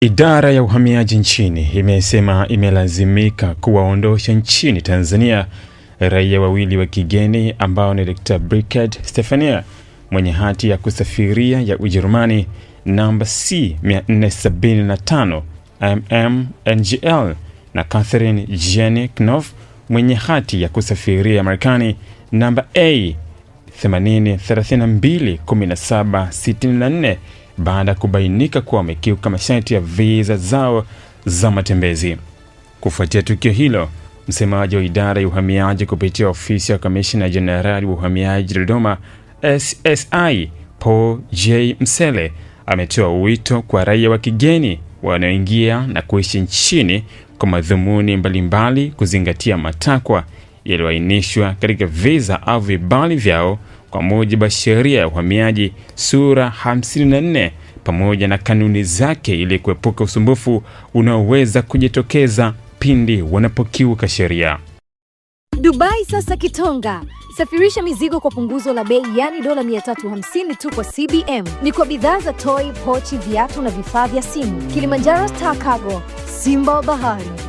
Idara ya Uhamiaji nchini imesema imelazimika kuwaondosha nchini Tanzania raia wawili wa kigeni ambao ni Dkt. Brigid Stephania mwenye hati ya kusafiria ya Ujerumani namba C475 MMNGL na Catherine Jenny Knopf mwenye hati ya kusafiria ya Marekani namba A80321764 baada ya kubainika kuwa wamekiuka masharti ya viza zao za matembezi. Kufuatia tukio hilo, msemaji wa idara ya uhamiaji kupitia ofisi ya kamishna jenerali wa uhamiaji Dodoma, SSI Paul J Msele, ametoa wito kwa raia wa kigeni wanaoingia na kuishi nchini kwa madhumuni mbalimbali kuzingatia matakwa yaliyoainishwa katika viza au vibali vyao kwa mujibu wa sheria ya uhamiaji sura 54 pamoja na kanuni zake ili kuepuka usumbufu unaoweza kujitokeza pindi wanapokiuka sheria. Dubai sasa Kitonga. Safirisha mizigo kwa punguzo la bei, yani dola 350 tu kwa CBM. Ni kwa bidhaa za toy, pochi, viatu na vifaa vya simu. Kilimanjaro Star Cargo, simba wa bahari.